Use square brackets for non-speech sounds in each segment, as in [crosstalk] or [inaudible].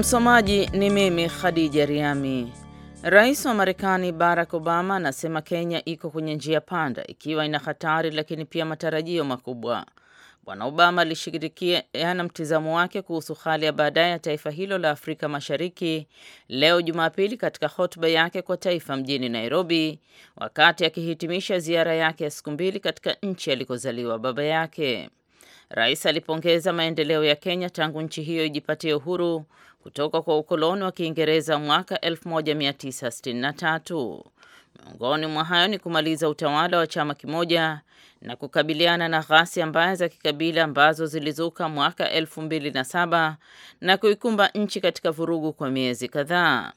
Msomaji ni mimi Khadija Riami. Rais wa Marekani Barack Obama anasema Kenya iko kwenye njia panda, ikiwa ina hatari lakini pia matarajio makubwa. Bwana Obama alishirikiana mtizamo wake kuhusu hali ya baadaye ya taifa hilo la Afrika Mashariki leo Jumapili katika hotuba yake kwa taifa mjini Nairobi, wakati akihitimisha ziara yake ya siku mbili katika nchi alikozaliwa baba yake. Rais alipongeza maendeleo ya Kenya tangu nchi hiyo ijipatie uhuru kutoka kwa ukoloni wa Kiingereza mwaka 1963. Miongoni mwa hayo ni kumaliza utawala wa chama kimoja na kukabiliana na ghasia mbaya za kikabila ambazo zilizuka mwaka 2007 na kuikumba nchi katika vurugu kwa miezi kadhaa.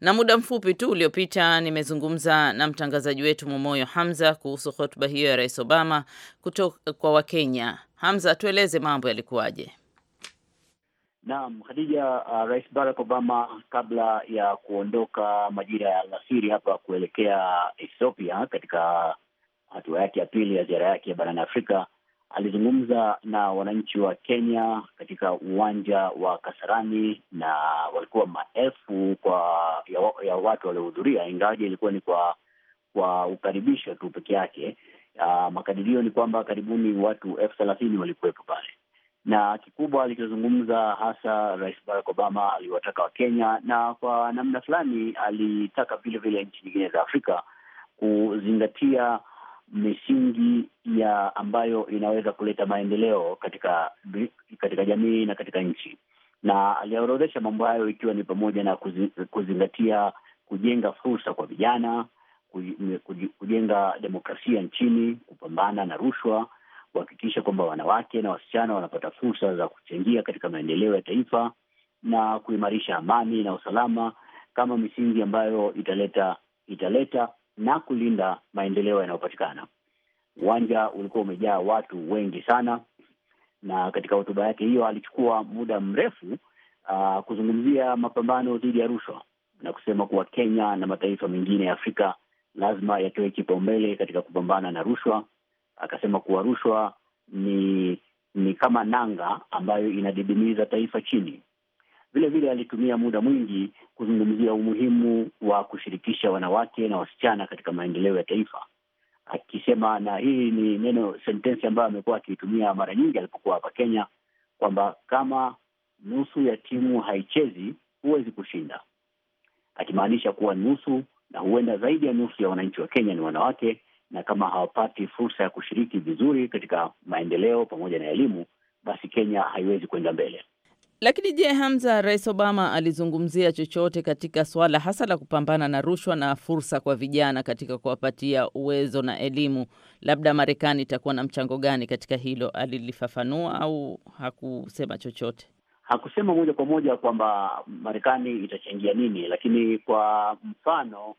Na muda mfupi tu uliopita nimezungumza na mtangazaji wetu Momoyo Hamza kuhusu hotuba hiyo ya Rais Obama kutoka kwa Wakenya. Hamza, tueleze mambo yalikuwaje? Naam, Khadija. Uh, Rais Barack Obama kabla ya kuondoka majira ya alasiri hapa kuelekea Ethiopia katika hatua yake ya pili ya ziara yake ya barani Afrika alizungumza na wananchi wa Kenya katika uwanja wa Kasarani, na walikuwa maelfu kwa ya, ya watu waliohudhuria, ingawaje ilikuwa ni kwa kwa ukaribisho tu peke yake. Uh, makadirio ni kwamba karibuni watu elfu thelathini walikuwepo pale, na kikubwa alichozungumza hasa Rais Barack Obama aliwataka Wakenya na kwa namna fulani alitaka vile vile nchi nyingine za Afrika kuzingatia misingi ya ambayo inaweza kuleta maendeleo katika katika jamii na katika nchi, na aliyaorodhesha mambo hayo ikiwa ni pamoja na kuzi, kuzingatia kujenga fursa kwa vijana kujenga demokrasia nchini, kupambana na rushwa, kuhakikisha kwamba wanawake na wasichana wanapata fursa za kuchangia katika maendeleo ya taifa na kuimarisha amani na usalama kama misingi ambayo italeta italeta na kulinda maendeleo yanayopatikana. Uwanja ulikuwa umejaa watu wengi sana, na katika hotuba yake hiyo alichukua muda mrefu uh, kuzungumzia mapambano dhidi ya rushwa na kusema kuwa Kenya na mataifa mengine ya Afrika lazima yatoe kipaumbele katika kupambana na rushwa. Akasema kuwa rushwa ni ni kama nanga ambayo inadidimiza taifa chini. Vile vile alitumia muda mwingi kuzungumzia umuhimu wa kushirikisha wanawake na wasichana katika maendeleo ya taifa, akisema, na hii ni neno sentensi ambayo amekuwa akiitumia mara nyingi alipokuwa hapa Kenya, kwamba kama nusu ya timu haichezi huwezi kushinda, akimaanisha kuwa nusu na huenda zaidi ya nusu ya wananchi wa Kenya ni wanawake, na kama hawapati fursa ya kushiriki vizuri katika maendeleo pamoja na elimu, basi Kenya haiwezi kwenda mbele. Lakini je, Hamza, Rais Obama alizungumzia chochote katika suala hasa la kupambana na rushwa na fursa kwa vijana katika kuwapatia uwezo na elimu? Labda Marekani itakuwa na mchango gani katika hilo? Alilifafanua au hakusema chochote? Hakusema moja kwa moja kwamba Marekani itachangia nini, lakini kwa mfano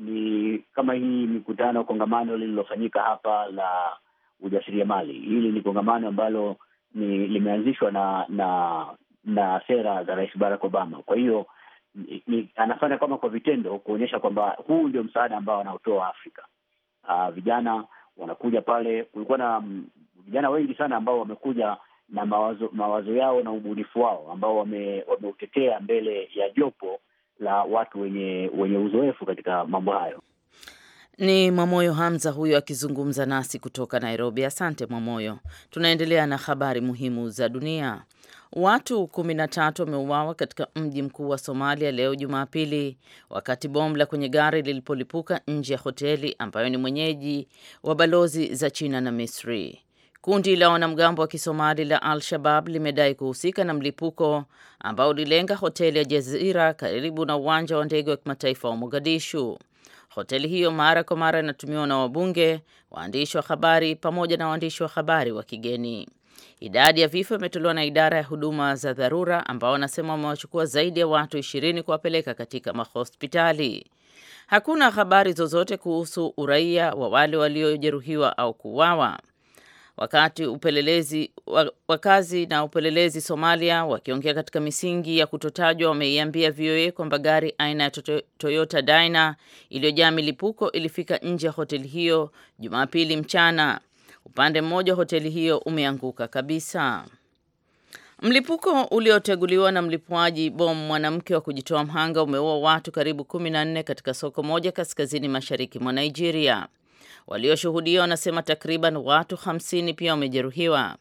ni kama hii mikutano, kongamano lililofanyika hapa la ujasiriamali. Hili ni kongamano ambalo ni limeanzishwa na na na sera za Rais Barack Obama. Kwa hiyo ni, anafanya kama kwa vitendo kuonyesha kwamba huu ndio msaada ambao anaotoa Afrika. Aa, ah, vijana wanakuja pale. Kulikuwa na mm, vijana wengi sana ambao wamekuja na mawazo mawazo yao na ubunifu wao ambao wameutetea wame mbele ya jopo la watu wenye, wenye uzoefu katika mambo hayo. Ni Mwamoyo Hamza huyo akizungumza nasi kutoka Nairobi. Asante Mwamoyo. Tunaendelea na habari muhimu za dunia. Watu kumi na tatu wameuawa katika mji mkuu wa Somalia leo Jumapili wakati bomu la kwenye gari lilipolipuka nje ya hoteli ambayo ni mwenyeji wa balozi za China na Misri. Kundi la wanamgambo wa Kisomali la Al-Shabab limedai kuhusika na mlipuko ambao ulilenga hoteli ya Jazira karibu na uwanja wa ndege wa kimataifa wa Mogadishu. Hoteli hiyo mara kwa mara inatumiwa na wabunge, waandishi wa habari pamoja na waandishi wa habari wa kigeni. Idadi ya vifo imetolewa na idara ya huduma za dharura ambao wanasema wamewachukua zaidi ya watu ishirini kuwapeleka katika mahospitali. Hakuna habari zozote kuhusu uraia wa wale waliojeruhiwa au kuuawa wakati upelelezi wakazi na upelelezi Somalia wakiongea katika misingi ya kutotajwa wameiambia VOA kwamba gari aina ya Toyota Dyna iliyojaa milipuko ilifika nje ya hoteli hiyo Jumapili mchana. Upande mmoja wa hoteli hiyo umeanguka kabisa. Mlipuko ulioteguliwa na mlipuaji bomu mwanamke wa kujitoa mhanga umeua watu karibu 14 katika soko moja kaskazini mashariki mwa Nigeria. Walioshuhudia wanasema takriban watu 50 pia wamejeruhiwa.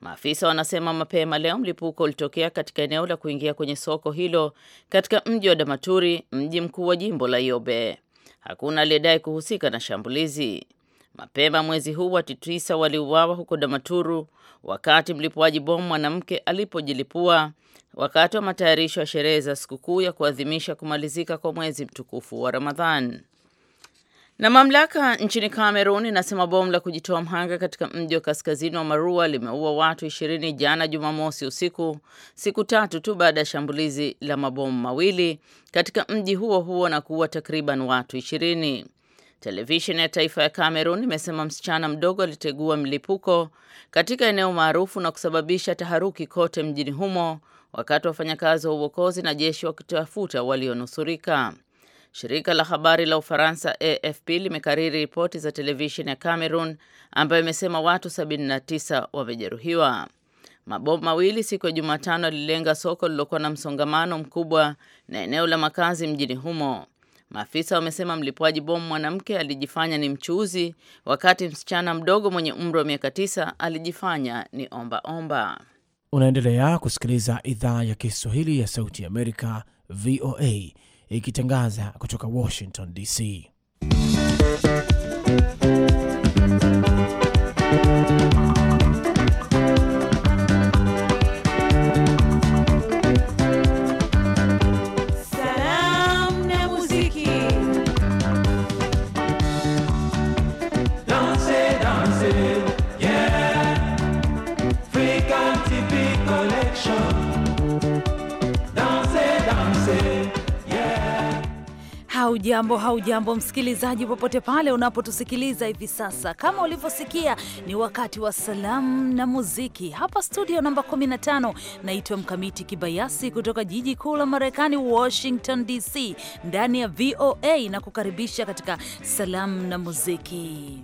Maafisa wanasema mapema leo mlipuko ulitokea katika eneo la kuingia kwenye soko hilo katika mji wa Damaturi, mji mkuu wa jimbo la Yobe. Hakuna aliyedai kuhusika na shambulizi. Mapema mwezi huu watu tisa waliuawa huko Damaturu wakati mlipuaji bomu mwanamke alipojilipua wakati wa matayarisho ya sherehe za sikukuu ya kuadhimisha kumalizika kwa mwezi mtukufu wa Ramadhan. Na mamlaka nchini Cameroon inasema bomu la kujitoa mhanga katika mji wa kaskazini wa Marua limeua watu ishirini jana Jumamosi usiku, siku tatu tu baada ya shambulizi la mabomu mawili katika mji huo huo na kuua takriban watu ishirini. Televisheni ya taifa ya Cameroon imesema msichana mdogo alitegua mlipuko katika eneo maarufu na kusababisha taharuki kote mjini humo, wakati wafanyakazi wa uokozi na jeshi wakitafuta walionusurika. Shirika la habari la Ufaransa AFP limekariri ripoti za televisheni ya Cameroon ambayo imesema watu 79 wamejeruhiwa. Mabomu mawili siku ya Jumatano yalilenga soko lililokuwa na msongamano mkubwa na eneo la makazi mjini humo. Maafisa wamesema mlipuaji bomu mwanamke alijifanya ni mchuuzi, wakati msichana mdogo mwenye umri wa miaka tisa alijifanya ni ombaomba. Unaendelea kusikiliza idhaa ya Kiswahili ya Sauti ya Amerika, VOA ikitangaza kutoka Washington DC. Hujambo, haujambo msikilizaji, popote pale unapotusikiliza hivi sasa. Kama ulivyosikia, ni wakati wa salamu na muziki hapa studio namba 15. Naitwa Mkamiti Kibayasi kutoka jiji kuu la Marekani, Washington DC, ndani ya VOA na kukaribisha katika salamu na muziki.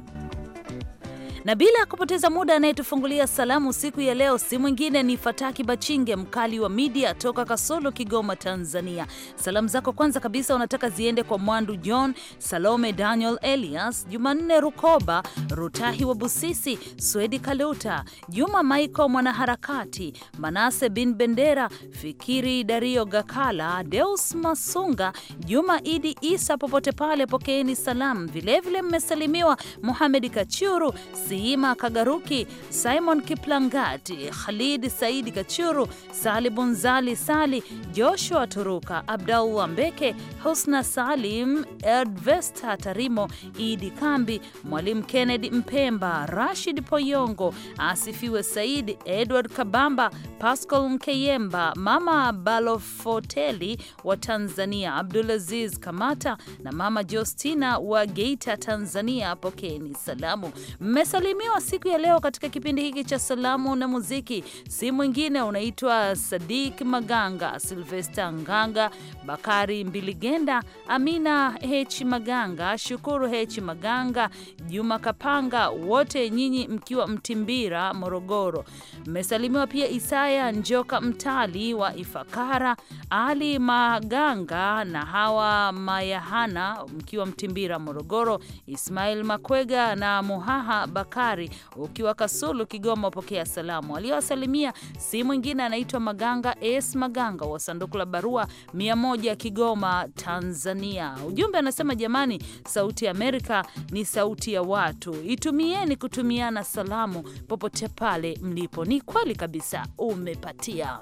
Na bila kupoteza muda, anayetufungulia salamu siku ya leo si mwingine ni Fataki Bachinge, mkali wa midia toka Kasolo, Kigoma, Tanzania. Salamu zako kwanza kabisa unataka ziende kwa Mwandu John, Salome Daniel, Elias Jumanne Rukoba, Rutahi wa Busisi, Swedi Kaluta, Juma Maiko mwanaharakati, Manase bin Bendera, Fikiri Dario Gakala, Deus Masunga, Juma Idi Isa, popote pale pokeeni salamu. Vilevile mmesalimiwa Muhamedi Kachuru si Siima Kagaruki, Simon Kiplangati, Khalid Saidi Kachuru, Sali Bunzali Sali, Joshua Turuka, Abdallah Mbeke, Husna Salim, Edvesta Tarimo, Idi Kambi, Mwalimu Kennedy Mpemba, Rashid Poyongo, Asifiwe Said, Edward Kabamba, Pascal Mkeyemba, Mama Balofoteli wa Tanzania, Abdulaziz Kamata na Mama Jostina wa Geita, Tanzania, pokeni salamu. Mmesalimu anayesalimiwa siku ya leo katika kipindi hiki cha salamu na muziki si mwingine, unaitwa Sadik Maganga, Silvesta Nganga, Bakari Mbiligenda, Amina H Maganga, Shukuru H Maganga, Juma Kapanga, wote nyinyi mkiwa Mtimbira, Morogoro. Mmesalimiwa pia Isaya Njoka Mtali wa Ifakara, Ali Maganga na Hawa Mayahana mkiwa Mtimbira, Morogoro, Ismail Makwega na Muhaha Bakari Bakari ukiwa Kasulu, Kigoma, pokea salamu. Aliyowasalimia si mwingine anaitwa Maganga s Maganga wa sanduku la barua 100 Kigoma, Tanzania. Ujumbe anasema jamani, Sauti ya Amerika ni sauti ya watu, itumieni kutumiana salamu popote pale mlipo. Ni kweli kabisa, umepatia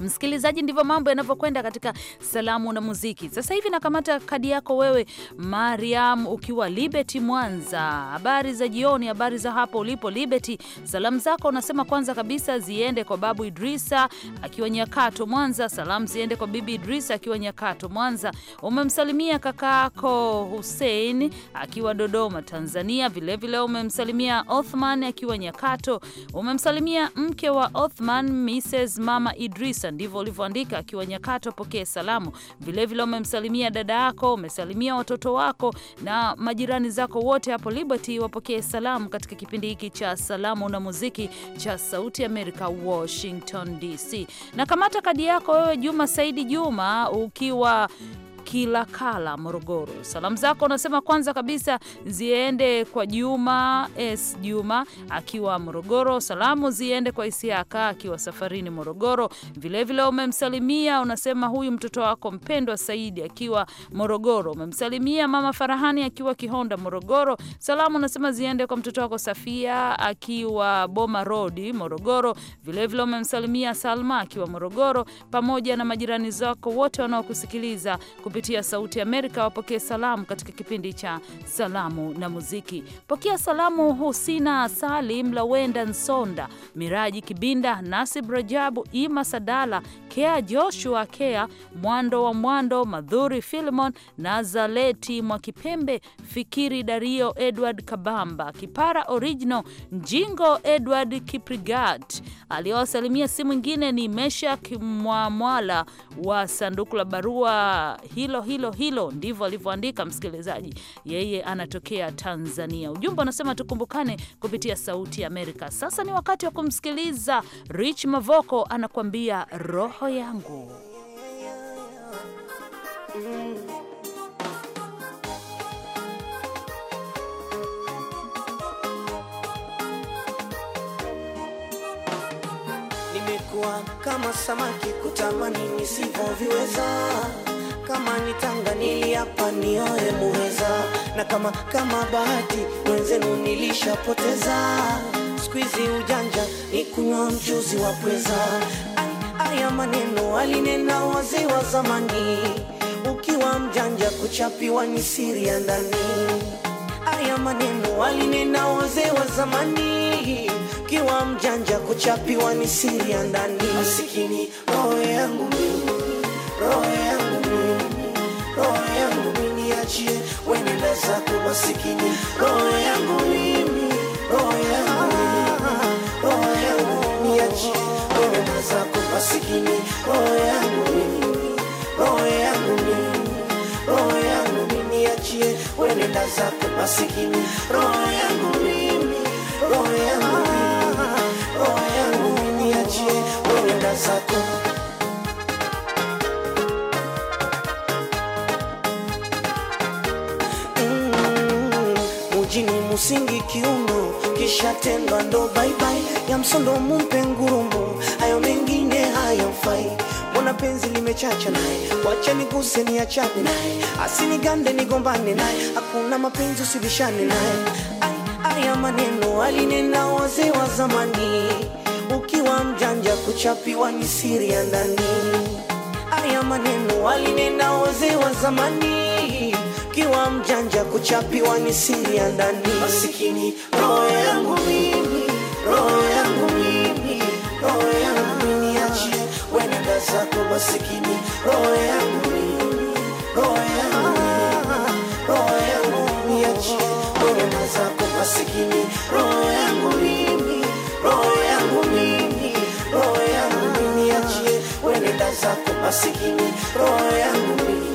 Msikilizaji, ndivyo mambo yanavyokwenda katika salamu na muziki. Sasa hivi nakamata kadi yako wewe, Mariam, ukiwa Liberty, Mwanza. Habari za jioni habari za hapo ulipo Liberty. Salamu zako unasema kwanza kabisa ziende kwa babu Idrisa akiwa Nyakato Mwanza. Salamu ziende kwa bibi Idrisa akiwa Nyakato Mwanza. Umemsalimia kakaako Hussein akiwa Dodoma Tanzania. Vilevile vile umemsalimia Othman akiwa Nyakato. Umemsalimia mke wa Othman Mrs Mama Idrisa, ndivyo ulivyoandika, akiwa Nyakato, pokee salamu. Vilevile umemsalimia dada yako, umesalimia watoto wako na majirani zako wote hapo Liberty, wapokee salamu katika kipindi hiki cha salamu na muziki cha Sauti Amerika, Washington DC. Na kamata kadi yako wewe, Juma Saidi Juma, ukiwa Kilakala, Morogoro. Salamu zako unasema kwanza kabisa ziende kwa Juma S Juma akiwa Morogoro. Salamu ziende kwa Isiaka akiwa safarini Morogoro. Vilevile umemsalimia unasema huyu mtoto wako mpendwa Saidi akiwa Morogoro. Umemsalimia mama Farahani akiwa Kihonda, Morogoro. Salamu unasema ziende kwa mtoto wako Safia akiwa Boma Road, Morogoro. Vilevile umemsalimia Salma akiwa Morogoro pamoja na majirani zako wote wanaokusikiliza kupitia kupitia Sauti Amerika wapokee salamu katika kipindi cha salamu na muziki. Pokea salamu Husina Salim, Lawenda Nsonda, Miraji Kibinda, Nasib Rajabu, Ima Sadala, Kea Joshua, Kea Mwando wa Mwando, Madhuri Filmon, Nazaleti Mwakipembe, Fikiri Dario, Edward Kabamba, Kipara Original, Njingo Edward Kiprigat. Aliyowasalimia si mwingine ni Meshak Mwamwala wa sanduku la barua hili hilo hilo hilo, ndivyo alivyoandika msikilizaji. Yeye anatokea Tanzania. Ujumbe unasema tukumbukane kupitia Sauti ya Amerika. Sasa ni wakati wa kumsikiliza Rich Mavoko anakuambia roho yangu Nimekuwa kama samaki kutamani nisivyoviweza kama nitanga niliapa nioe muweza na kama kama bahati wenzenu nilishapoteza. Squeezy ujanja ni kunywa mchuzi wa pweza. Aya, maneno alinena wazee wa zamani, ukiwa mjanja kuchapiwa ni siri ya ndani. Aya, maneno alinena wazee wa zamani kiwa mjanja kuchapiwa ni siri ya ndani. Masikini roho yangu roho yangu niachie, wenenda zako masikini, roho yangu mimi, roho yangu roho yangu niachie, wenenda zako masikini, roho yangu mimi, roho yangu mimi, roho yangu mimi niachie, wenenda zako masikini, roho yangu mimi, roho yangu mimi, roho yangu niachie, wenenda zako musingi kiuno, kisha tendwa ndo baibai ya msondo mumpe ngurumo, hayo mengine hayafai. Mbona penzi limechacha naye, wacha niguse niachane naye, asinigande nigombane naye, hakuna mapenzi usibishane naye. Haya maneno alinena wazee wa zamani, ukiwa mjanja kuchapiwa ni siri ya ndani. Haya maneno alinena wazee wa zamani ukiwa mjanja kuchapiwa ni siri ya ndani. Masikini roho yangu mimi, roho yangu mimi, roho yangu mimi, niachie wenenda zako masikini, roho yangu mimi, roho yangu mimi, roho yangu mimi, niachie wenenda zako masikini, roho yangu mimi, roho yangu mimi, roho yangu mimi, niachie wenenda zako masikini, roho yangu mimi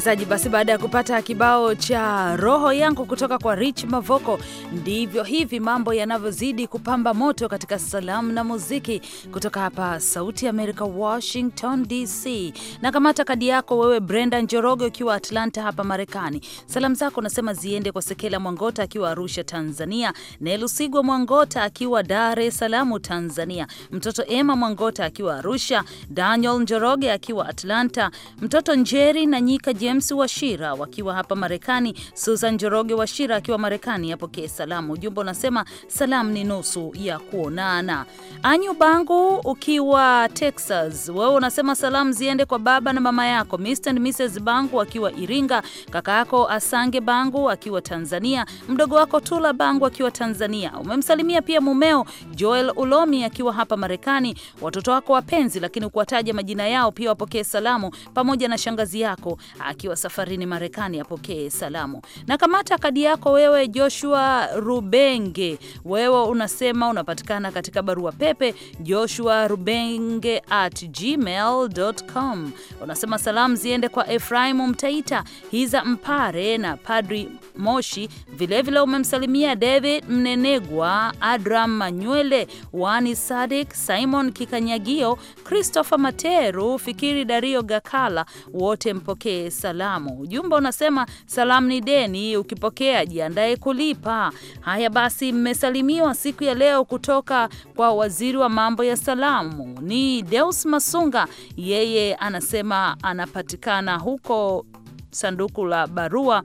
msikilizaji, basi baada ya kupata kibao cha roho yangu kutoka kwa Rich Mavoko, ndivyo hivi mambo yanavyozidi kupamba moto katika salamu na muziki kutoka hapa Sauti ya Amerika, Washington DC. Na kamata kadi yako wewe, Brenda Njoroge, ukiwa Atlanta hapa Marekani. Salamu zako unasema ziende kwa Sekela Mwangota akiwa Arusha, Tanzania, Nelusigwa Mwangota akiwa Dar es Salaam, Tanzania, mtoto Emma Mwangota akiwa Arusha, Daniel Njoroge akiwa Atlanta, mtoto Njeri na Nyika James Washira wakiwa hapa Marekani, Susan joroge Washira akiwa Marekani apokee salamu. Ujumbe unasema salamu ni nusu ya kuonana. Anyu Bangu ukiwa Texas, wewe unasema salamu ziende kwa baba na mama yako Mr. and Mrs. Bangu akiwa Iringa, kaka yako Asange Bangu akiwa Tanzania, mdogo wako Tula Bangu akiwa Tanzania. Umemsalimia pia mumeo Joel Ulomi akiwa hapa Marekani, watoto wako wapenzi, lakini ukuwataja majina yao pia wapokee salamu, pamoja na shangazi yako akiwa safarini Marekani apokee salamu. Na kamata kadi yako wewe, Joshua Rubenge, wewe unasema unapatikana katika barua pepe Joshua Rubenge at gmail.com. Unasema salamu ziende kwa Efraimu Mtaita, Hiza Mpare na Padri Moshi. Vilevile umemsalimia David Mnenegwa, Adram Manywele, Wani Sadik, Simon Kikanyagio, Christopher Materu, Fikiri Dario Gakala, wote mpokee salamu salamu. Ujumbe unasema salamu ni deni, ukipokea jiandae kulipa. Haya basi, mmesalimiwa siku ya leo kutoka kwa waziri wa mambo ya salamu ni Deus Masunga, yeye anasema anapatikana huko sanduku la barua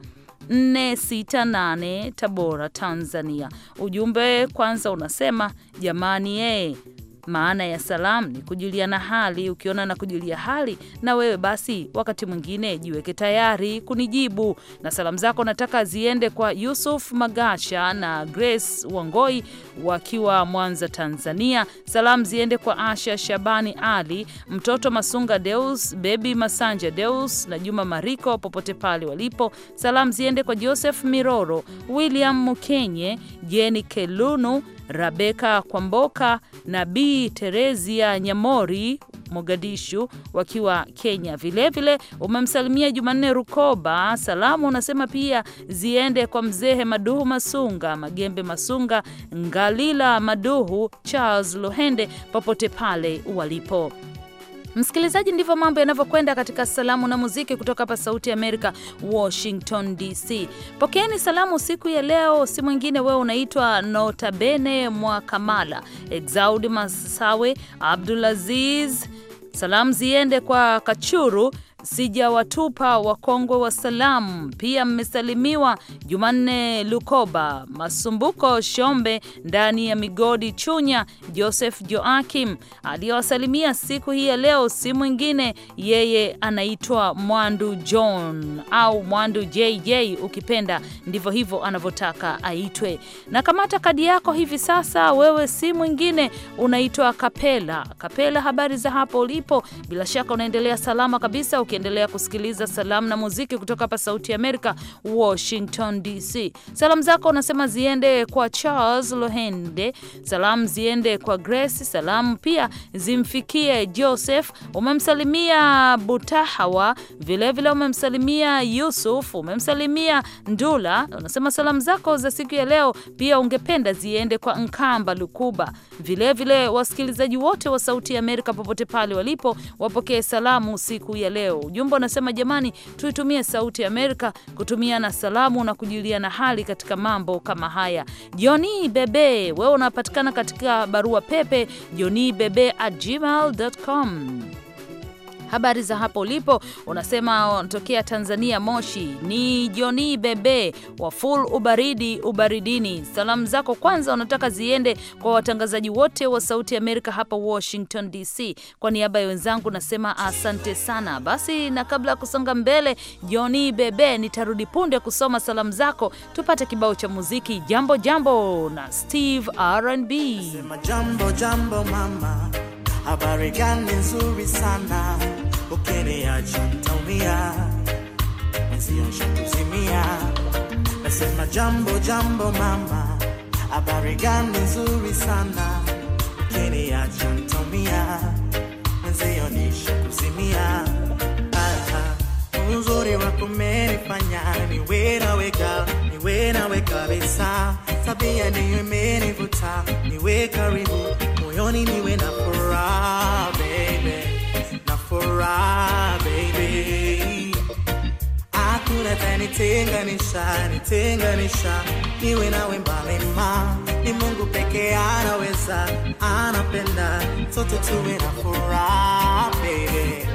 468 Tabora, Tanzania. Ujumbe kwanza unasema jamani, yeye maana ya salam ni kujuliana hali. Ukiona na kujulia hali na wewe, basi wakati mwingine jiweke tayari kunijibu. Na salamu zako nataka ziende kwa Yusuf Magasha na Grace Wangoi wakiwa Mwanza, Tanzania. Salamu ziende kwa Asha Shabani Ali, mtoto Masunga Deus, Bebi Masanja Deus na Juma Mariko popote pale walipo. Salamu ziende kwa Joseph Miroro, William Mukenye, Jeni Kelunu, Rabeka Kwamboka na B B Terezia Nyamori Mogadishu wakiwa Kenya. Vilevile umemsalimia Jumanne Rukoba, salamu unasema pia ziende kwa Mzehe Maduhu Masunga, Magembe Masunga, Ngalila Maduhu, Charles Lohende popote pale walipo. Msikilizaji, ndivyo mambo yanavyokwenda katika salamu na muziki kutoka hapa Sauti ya Amerika, Washington DC. Pokeeni salamu siku ya leo, si mwingine wewe unaitwa Notabene Mwakamala, Exaudi Masawe, Abdulaziz. Salamu ziende kwa Kachuru sijawatupa wakongwe wa salamu. Pia mmesalimiwa Jumanne Lukoba, Masumbuko Shombe ndani ya migodi Chunya, Joseph Joakim. Aliyewasalimia siku hii ya leo si mwingine, yeye anaitwa Mwandu John au Mwandu JJ ukipenda, ndivyo hivyo anavyotaka aitwe. Na kamata kadi yako hivi sasa, wewe si mwingine, unaitwa Kapela. Kapela, habari za hapo ulipo? Bila shaka unaendelea salama kabisa uki ukiendelea kusikiliza salamu na muziki kutoka hapa Sauti Amerika, Washington DC. Salamu zako unasema ziende kwa Charles Lohende, salamu ziende kwa Grace, salamu pia zimfikie Joseph, umemsalimia Butahawa, vilevile umemsalimia Yusuf, umemsalimia Ndula. Unasema salamu zako za siku ya leo pia ungependa ziende kwa Nkamba Lukuba, vilevile wasikilizaji wote wa Sauti ya Amerika popote pale walipo wapokee salamu siku ya leo. Ujumbe unasema jamani, tuitumie sauti ya Amerika kutumiana salamu na kujuliana hali katika mambo kama haya. Joni Bebe, wewe unapatikana katika barua pepe joni bebe at gmail.com. Habari za hapo ulipo, unasema wanatokea Tanzania, Moshi. Ni Joni Bebe wa Full Ubaridi Ubaridini. Salamu zako kwanza unataka ziende kwa watangazaji wote wa Sauti ya Amerika hapa Washington DC. Kwa niaba ya wenzangu nasema asante sana. Basi na kabla ya kusonga mbele, Joni Bebe, nitarudi punde kusoma salamu zako. Tupate kibao cha muziki jambo jambo na Steve R&B. Sema jambo jambo mama Habari gani nzuri sana, ukiniacha nitaumia, mwenzio nishakuzimia. Nasema jambo jambo mama, habari gani nzuri sana, ukiniacha nitaumia, mwenzio nishakuzimia. Uzuri wako umenifanya niwe nawe niwe nawe kabisa, tabia niyo imenivuta niwe karibu Money me when I for ah, baby, not for ah, baby. I could have anything anisha, anything You anisha. Ni wena wembalema, ni Mungu peke anaweza, anapenda mtoto tu wena furaha baby,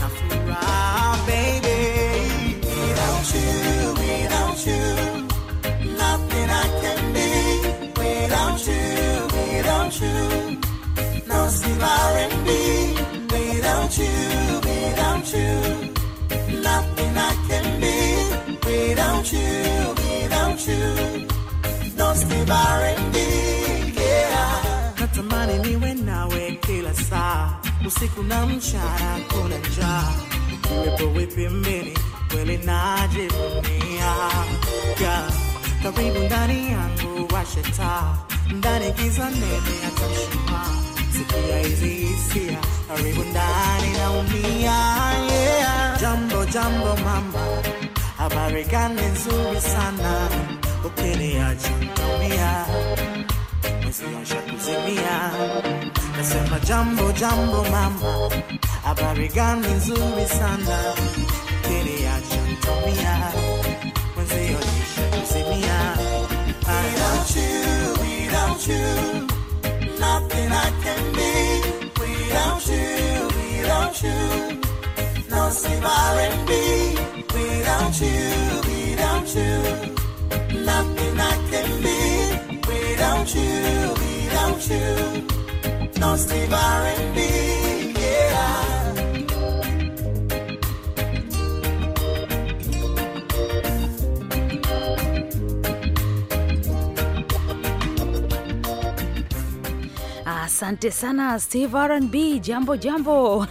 na furaha baby. Without you, without you. progressive R&B. Without you, without you, nothing I can be. Without you, without you, no progressive R&B. Yeah. Natamani niwe nawe kila saa, usiku na mchana kuna njaa. Uwepo wipi mimi kweli najivunia. Yeah. Karibu ndani yangu washe ndani giza nene hata sikia hizi hisia, karibu ndani naumia, yeah. Jambo jambo mama, habari gani nzuri sana, ukiniacha nitaumia, Nasema jambo jambo mama, habari gani nzuri sana, ukiniacha nitaumia, you, without you nothing I can be without you, without you. No save R&B without you, without you. Nothing I can be without you, without you. No save R&B. Asante sana Steve RnB, jambo jambo.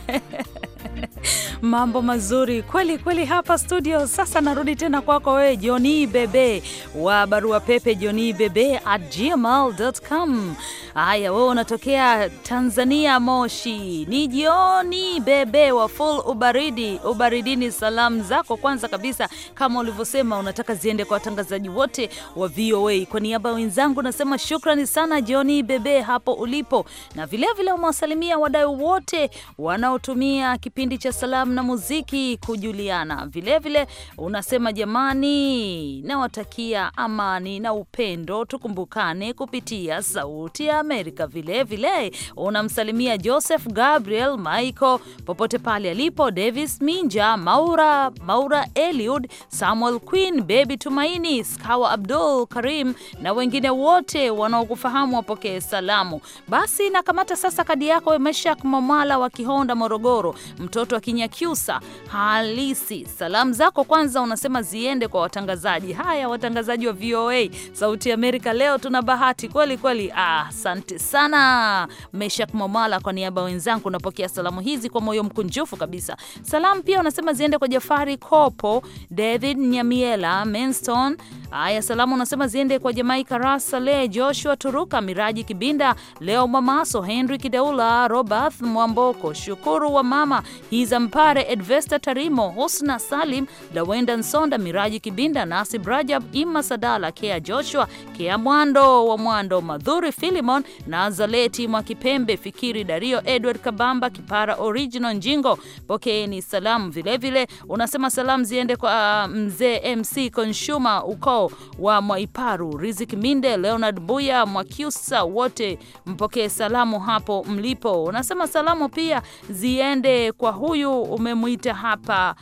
[laughs] Mambo mazuri kweli kweli hapa studio. Sasa narudi tena kwako wewe Joni Bebe wa barua pepe joni bebe at gmail.com. Haya, wewe unatokea Tanzania, Moshi, ni jioni bebe wa full ubaridi ubaridini. Salamu zako kwanza kabisa, kama ulivyosema, unataka ziende kwa watangazaji wote wa VOA. Kwa niaba ya wenzangu nasema shukrani sana jioni bebe hapo ulipo, na vilevile umewasalimia wadau wote wanaotumia kipindi cha salamu na muziki kujuliana. Vilevile unasema jamani, nawatakia amani na upendo, tukumbukane kupitia Sauti ya Amerika. Vilevile unamsalimia Joseph Gabriel Michael popote pale alipo, Davis Minja, Maura Maura, Eliud Samuel, Queen Baby, Tumaini Skawa, Abdul Karim na wengine wote wanaokufahamu wapokee salamu. Basi nakamata sasa kadi yako, Meshak Mamala wa Kihonda, Morogoro, mtoto wa Kinyakyusa halisi. Salamu zako kwanza unasema ziende kwa watangazaji. Haya, watangazaji wa VOA Sauti Amerika, leo tuna bahati kweli kweli. Ah, Asante sana Meshak Momala, kwa niaba ya wenzangu napokea salamu hizi kwa moyo mkunjufu kabisa. Salamu pia unasema ziende kwa Jafari Kopo, David Nyamiela, Menston. Haya, salamu unasema ziende kwa Jamaika Rasale, Joshua Turuka, Miraji Kibinda, Leo Mamaso, Henry Kideula, Robert Mwamboko, Shukuru wa Mama Hiza Mpare, Edvesta Tarimo, Husna Salim, Lawenda Nsonda, Miraji Kibinda, Nasib Rajab, Ima Sadala, Kea Joshua, Kea Mwando wa Mwando, Madhuri Filimon Nazareti Mwakipembe, Fikiri Dario, Edward Kabamba, Kipara Original Njingo, pokeeni salamu. Vilevile unasema salamu ziende kwa uh, mzee MC konshuma ukoo wa Mwaiparu, Rizik Minde, Leonard Buya, mwakiusa wote mpokee salamu hapo mlipo. Unasema salamu pia ziende kwa huyu umemwita hapa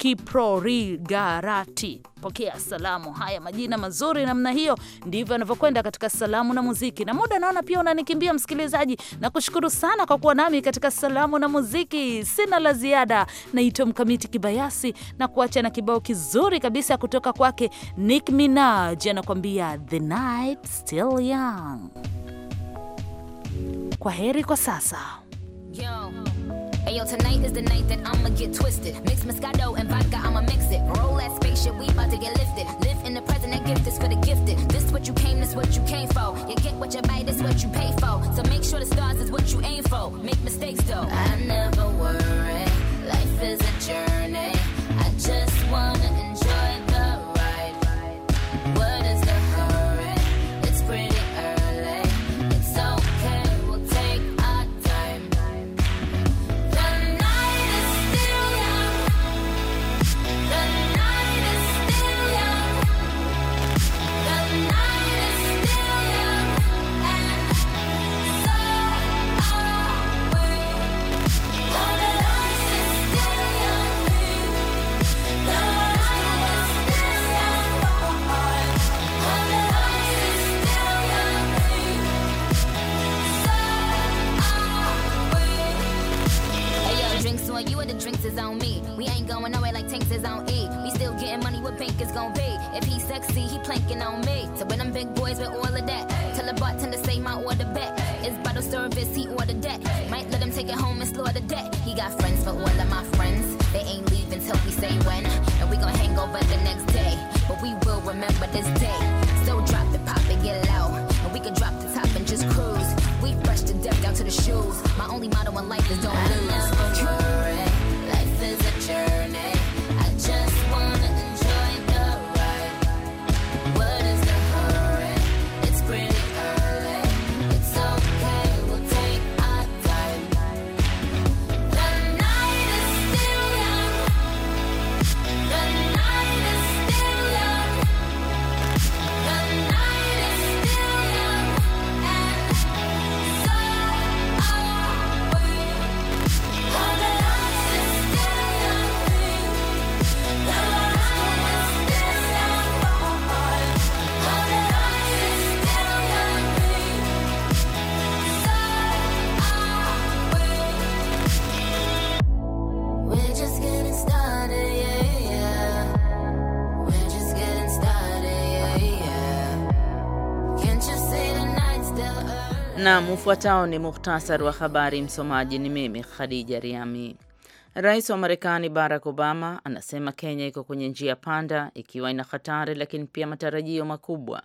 Kiprorigarati. Pokea salamu. Haya majina mazuri namna hiyo, ndivyo anavyokwenda katika salamu na muziki. Na muda naona pia unanikimbia msikilizaji, na kushukuru sana kwa kuwa nami katika salamu na muziki. Sina la ziada, naitwa Mkamiti Kibayasi na kuacha na kibao kizuri kabisa kutoka kwake Nick Minaj, anakuambia the night still young. Kwa heri kwa sasa Yo. Ayo, tonight is the night that I'ma get twisted. Mix Moscato and vodka, I'ma mix it. Roll that spaceship, we about to get lifted. Live in the present, that gift is for the gifted. This what you came, this what you came for. You get what you buy, this what you pay for. So make sure the stars is what you aim for. Make mistakes though. I know. my order back. It's bottle service, he ordered that. Might let him take it home and slaughter that. Naam, ufuatao ni muhtasari wa habari. Msomaji ni mimi Khadija Riami. Rais wa Marekani Barack Obama anasema Kenya iko kwenye njia panda, ikiwa ina hatari lakini pia matarajio makubwa.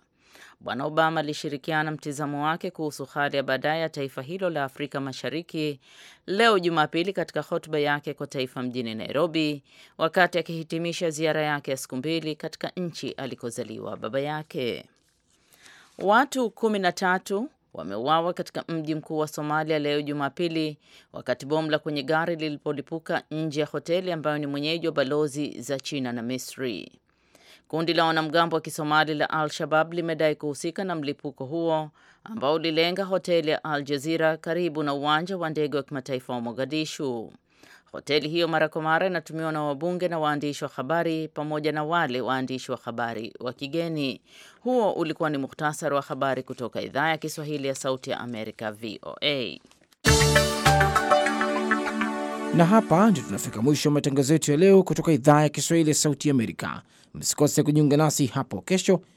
Bwana Obama alishirikiana mtizamo wake kuhusu hali ya baadaye ya taifa hilo la Afrika Mashariki leo Jumapili katika hotuba yake kwa taifa mjini Nairobi, wakati akihitimisha ziara yake ya siku mbili katika nchi alikozaliwa baba yake. Watu kumi na tatu wameuawa katika mji mkuu wa Somalia leo Jumapili, wakati bomu la kwenye gari lilipolipuka nje ya hoteli ambayo ni mwenyeji wa balozi za China na Misri. Kundi la wanamgambo wa Kisomali la Al-Shabab limedai kuhusika na mlipuko huo ambao ulilenga hoteli ya Al jazira karibu na uwanja wa ndege wa kimataifa wa Mogadishu. Hoteli hiyo mara kwa mara inatumiwa na wabunge na waandishi wa habari pamoja na wale waandishi wa habari wa kigeni. Huo ulikuwa ni muhtasari wa habari kutoka idhaa ya Kiswahili ya Sauti ya Amerika, VOA. Na hapa ndio tunafika mwisho wa matangazo yetu ya leo kutoka idhaa ya Kiswahili ya Sauti ya Amerika. Msikose kujiunga nasi hapo kesho